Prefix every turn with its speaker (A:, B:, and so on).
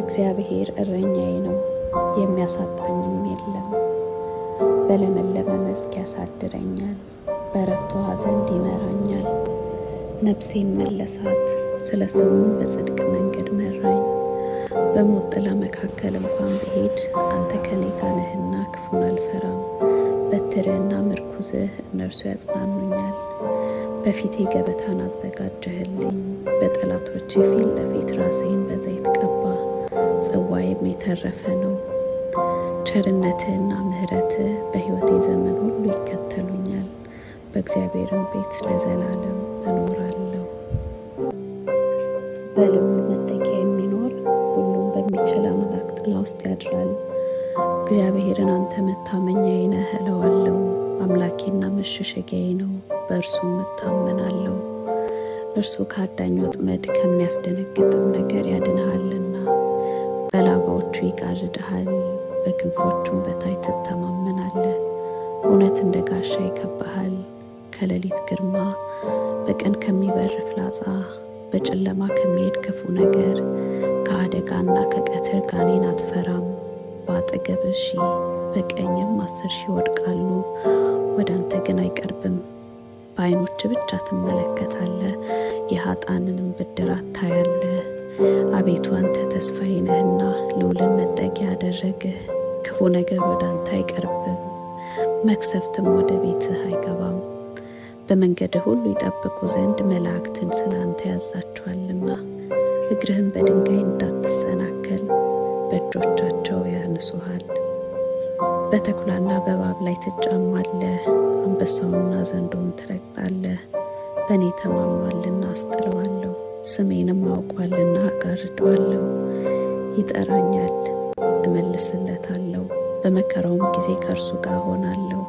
A: እግዚአብሔር እረኛዬ ነው፣ የሚያሳጣኝም የለም። በለመለመ መስክ ያሳድረኛል፣ በዕረፍት ዘንድ ይመራኛል። ነፍሴን መለሳት፣ ስለ ስሙም በጽድቅ መንገድ መራኝ። በሞት ጥላ መካከል እንኳን ብሄድ አንተ ከኔ ጋር ነህና ክፉን አልፈራም። በትርህና ምርኩዝህ እነርሱ ያጽናኑኛል። በፊቴ ገበታን አዘጋጀህልኝ፣ በጠላቶቼ ፊት ለፊት ራሴን በዘይት ቀባ፣ ጽዋዬም የተረፈ ነው። ቸርነትህና ምሕረትህ በሕይወቴ ዘመን ሁሉ ይከተሉኛል፣ በእግዚአብሔርን ቤት ለዘላለም እኖራለሁ። በልዑል መጠጊያ የሚኖር ሁሉም በሚችል አምላክ ጥላ ውስጥ ያድራል። እግዚአብሔርን አንተ መታመኛዬ ነህ እለዋለሁ፣ አምላኬና መሸሸጊያዬ ነው በእርሱ እታመናለሁ። እርሱ ከአዳኝ ወጥመድ ከሚያስደነግጥም ነገር ያድንሃልና። በላባዎቹ ይጋርድሃል፣ በክንፎቹም በታች ትተማመናለህ። እውነት እንደ ጋሻ ይከብሃል። ከሌሊት ግርማ፣ በቀን ከሚበር ፍላጻ፣ በጨለማ ከሚሄድ ክፉ ነገር፣ ከአደጋና ከቀትር ጋኔን አትፈራም። በአጠገብህ ሺህ በቀኝም አስር ሺህ ይወድቃሉ፣ ወደ አንተ ግን አይቀርብም። በአይኖች ብቻ ትመለከታለህ፣ የሀጣንንም ብድራት ታያለህ። አቤቱ አንተ ተስፋዬ ነህና ልዑልን መጠጊያ ያደረግህ፣ ክፉ ነገር ወደ አንተ አይቀርብም፣ መክሰፍትም ወደ ቤትህ አይገባም። በመንገድህ ሁሉ ይጠብቁ ዘንድ መላእክትን ስለ አንተ ያዛቸዋልና፣ እግርህን በድንጋይ እንዳትሰናከል በእጆቻቸው ያንሱሃል። በተኩላና በእባብ ላይ ትጫማለህ፣ አንበሳውና ዘንዶውን ትረግ በእኔ ተማምኗልና አስጥለዋለሁ፣ ስሜንም አውቋልና አጋርደዋለሁ። ይጠራኛል፣ እመልስለታለሁ፣ በመከራውም ጊዜ ከእርሱ ጋር ሆናለሁ።